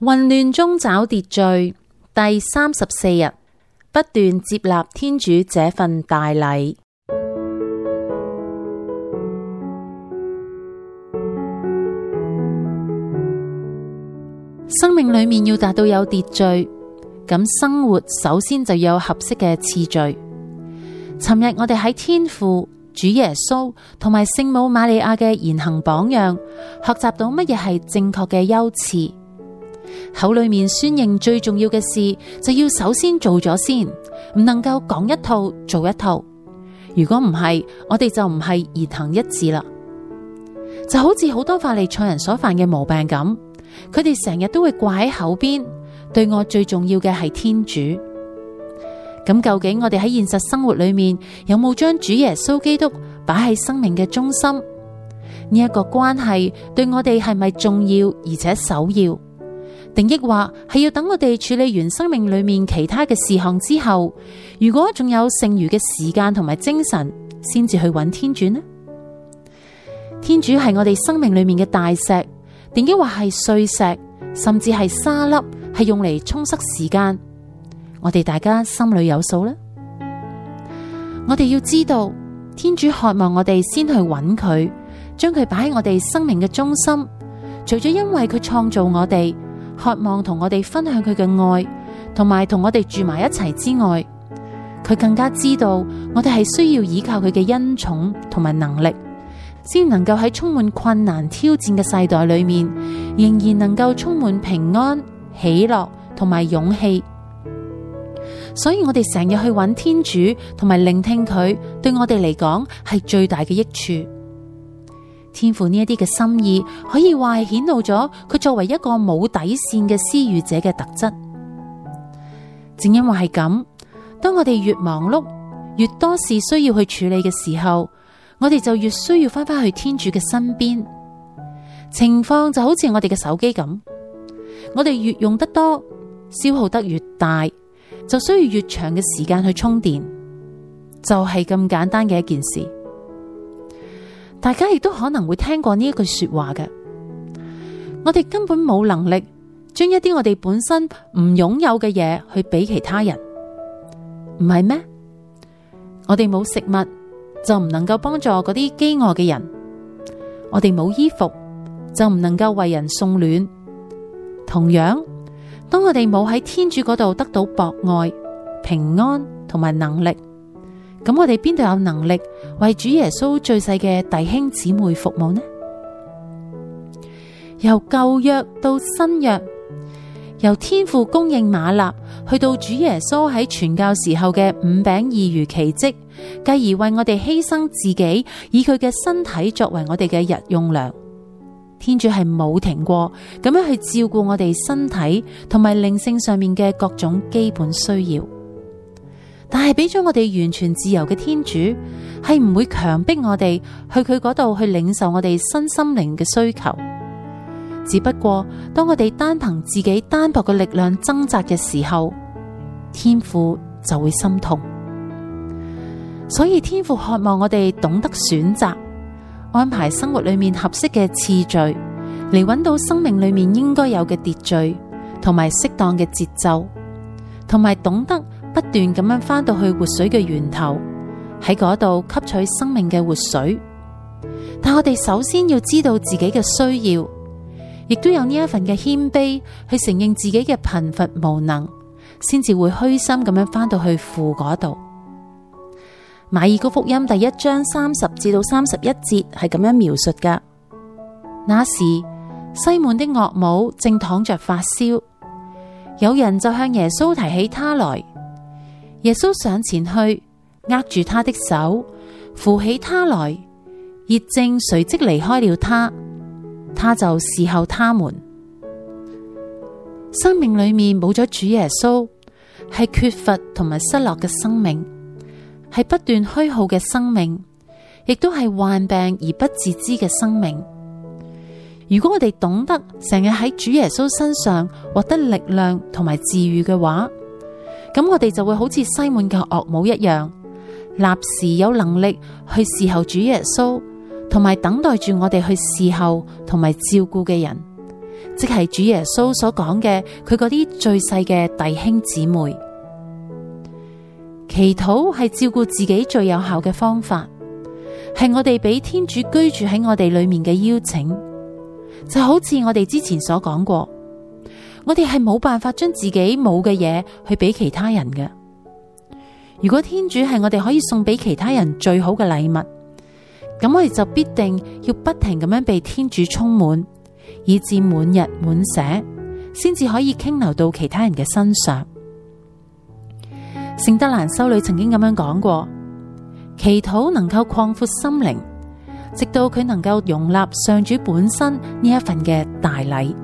混亂中找秩序，第三十四日，不斷接納天主這份大禮。生命裏面要達到有秩序，咁生活首先就有合適嘅次序。尋日我哋喺天父、主耶穌同埋聖母瑪利亞嘅言行榜樣，學習到乜嘢係正確嘅優次。口裏面宣認最重要嘅事，就要首先做咗先，唔能夠講一套做一套。如果唔係，我哋就唔係言行一致啦。就好似好多法利賽人所犯嘅毛病咁，佢哋成日都會掛喺口邊，對我最重要嘅係天主。咁究竟我哋喺現實生活裏面有冇將主耶穌基督擺喺生命嘅中心呢？呢個關係對我哋係咪重要而且首要？定抑或係要等我哋處理完生命裏面其他嘅事項之後，如果仲有剩餘嘅時間同埋精神，先至去揾天主呢？天主係我哋生命裏面嘅大石，定抑或係碎石，甚至係沙粒，係用嚟充塞時間。我哋大家心裏有數啦。我哋要知道，天主渴望我哋先去揾佢，將佢擺喺我哋生命嘅中心。除咗因為佢創造我哋。渴望同我哋分享佢嘅愛，同埋同我哋住埋一齊之外，佢更加知道我哋係需要依靠佢嘅恩寵同埋能力，先能夠喺充滿困難挑戰嘅世代裏面，仍然能夠充滿平安、喜樂同埋勇氣。所以我哋成日去揾天主，同埋聆聽佢，對我哋嚟講係最大嘅益處。天父呢一啲嘅心意，可以話係顯露咗佢作為一個冇底線嘅施予者嘅特質。正因為係咁，當我哋越忙碌，越多事需要去處理嘅時候，我哋就越需要翻返去天主嘅身邊。情況就好似我哋嘅手機咁，我哋越用得多，消耗得越大，就需要越長嘅時間去充電。就係咁簡單嘅一件事。大家亦都可能會聽過呢一句說話嘅，我哋根本冇能力將一啲我哋本身唔擁有嘅嘢去俾其他人，唔係咩？我哋冇食物就唔能夠幫助嗰啲飢餓嘅人，我哋冇衣服就唔能夠為人送暖。同樣，當我哋冇喺天主嗰度得到博愛、平安同埋能力，咁我哋邊度有能力為主耶穌最細嘅弟兄姊妹服務呢？由舊約到新約，由天父供應馬納，去到主耶穌喺傳教時候嘅五餅二魚奇蹟，繼而為我哋犧牲自己，以佢嘅身體作為我哋嘅日用糧。天主係冇停過咁樣去照顧我哋身體，同埋靈性上面嘅各種基本需要。但係俾咗我哋完全自由嘅天主，係唔會強迫我哋去佢嗰度去領受我哋身心靈嘅需求。只不過當我哋單憑自己單薄嘅力量掙扎嘅時候，天父就會心痛。所以天父渴望我哋懂得選擇，安排生活裏面合適嘅次序，嚟搵到生命裏面應該有嘅秩序，同埋適當嘅節奏，同埋懂得。不斷咁樣翻到去活水嘅源頭，喺嗰度吸取生命嘅活水。但我哋首先要知道自己嘅需要，亦都有呢一份嘅謙卑去承認自己嘅貧乏無能，先至會虛心咁樣翻到去父嗰度。馬爾谷福音第一章三十至到三十一節係咁樣描述嘅。那時西滿的岳母正躺着發燒，有人就向耶穌提起她來。耶穌上前去，握住他的手，扶起他來，熱症隨即離開了他，他就侍候他們。生命裏面冇咗主耶穌，係缺乏同埋失落嘅生命，係不斷虛耗嘅生命，亦都係患病而不自知嘅生命。如果我哋懂得成日喺主耶穌身上獲得力量同埋治癒嘅話，咁我哋就會好似西滿嘅岳母一樣，立時有能力去侍候主耶穌，同埋等待住我哋去侍候同埋照顧嘅人，即係主耶穌所講嘅佢嗰啲最細嘅弟兄姊妹。祈禱係照顧自己最有效嘅方法，係我哋俾天主居住喺我哋裏面嘅邀請，就好似我哋之前所講過。我哋係冇辦法將自己冇嘅嘢去俾其他人嘅。如果天主係我哋可以送俾其他人最好嘅禮物，咁我哋就必定要不停咁樣被天主充滿，以至滿溢滿瀉，先至可以傾流到其他人嘅身上。聖德蘭修女曾經咁樣講過：「祈禱能夠擴闊心靈，直到佢能夠容納上主本身呢一份嘅大禮。」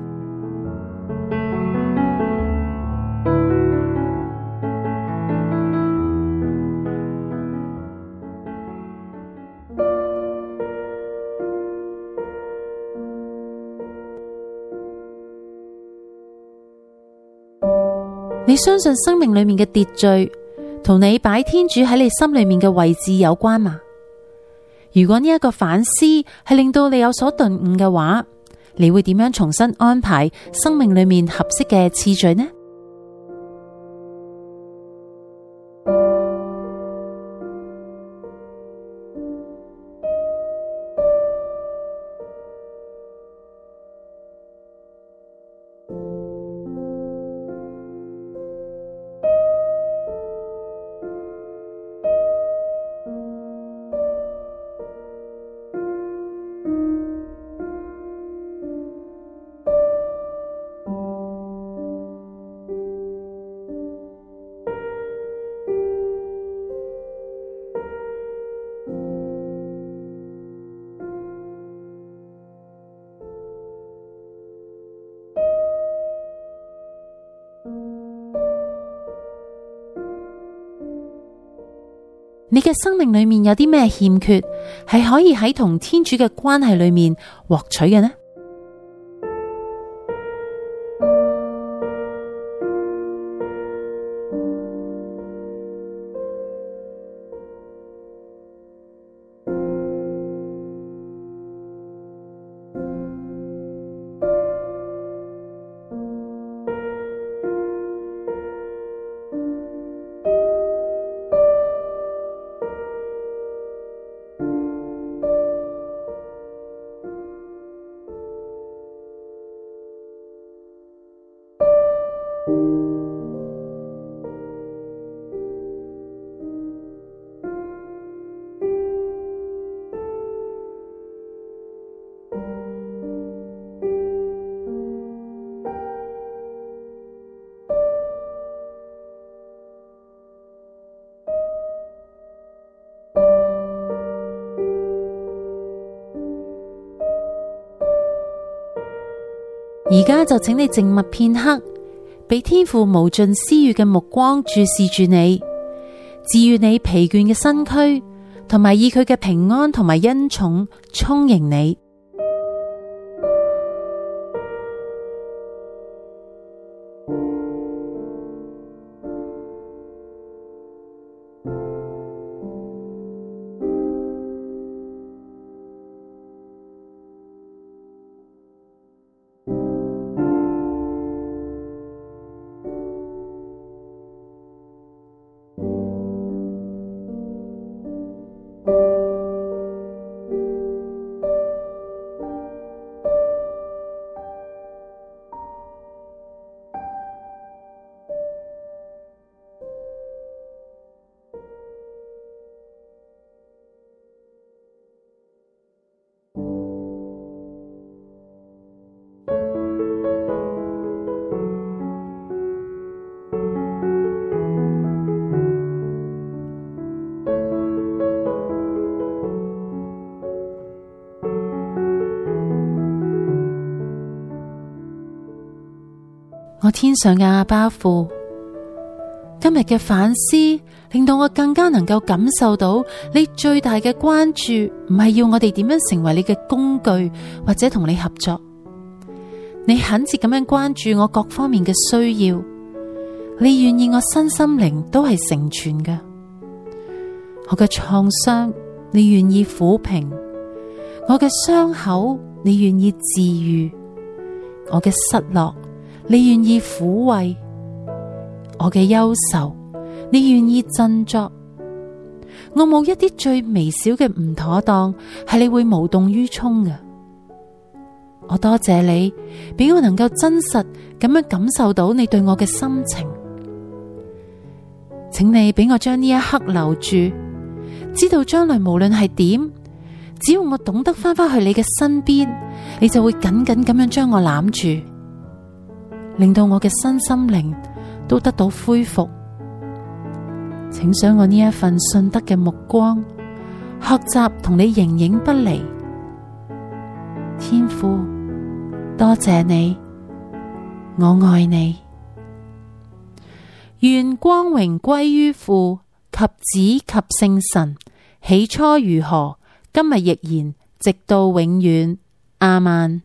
你相信生命裏面嘅秩序，同你擺天主喺你心裏面嘅位置有關嗎？如果呢一個反思係令到你有所頓悟嘅話，你會點樣重新安排生命裏面合適嘅次序呢？你嘅生命裏面有啲咩欠缺，係可以喺同天主嘅關係裏面獲取嘅呢？而家就請你靜默片刻，俾天父無盡施與嘅目光注視住你，治愈你疲倦嘅身軀，同埋以佢嘅平安同埋恩寵充盈你。天上嘅阿爸父，今日嘅反思令到我更加能夠感受到你最大嘅關注，唔係要我哋點樣成為你嘅工具或者同你合作，你懇切咁樣關注我各方面嘅需要，你願意我身心靈都係成全嘅，我嘅創傷你願意撫平，我嘅傷口你願意治癒，我嘅失落。你願意撫慰我嘅憂愁，你願意振作。我冇一啲最微小嘅唔妥當，係你會無動於衷嘅。我多謝你，俾我能夠真實咁樣感受到你對我嘅心情。請你俾我將呢一刻留住，知道將來無論係點，只要我懂得翻返去你嘅身邊，你就會緊緊咁樣將我攬住。令到我嘅身心靈都得到恢復，請賞我呢一份信德嘅目光，學習同你形影不離。天父，多謝你，我愛你。願光榮歸於父及子及聖神，起初如何，今日亦然，直到永遠。亞孟。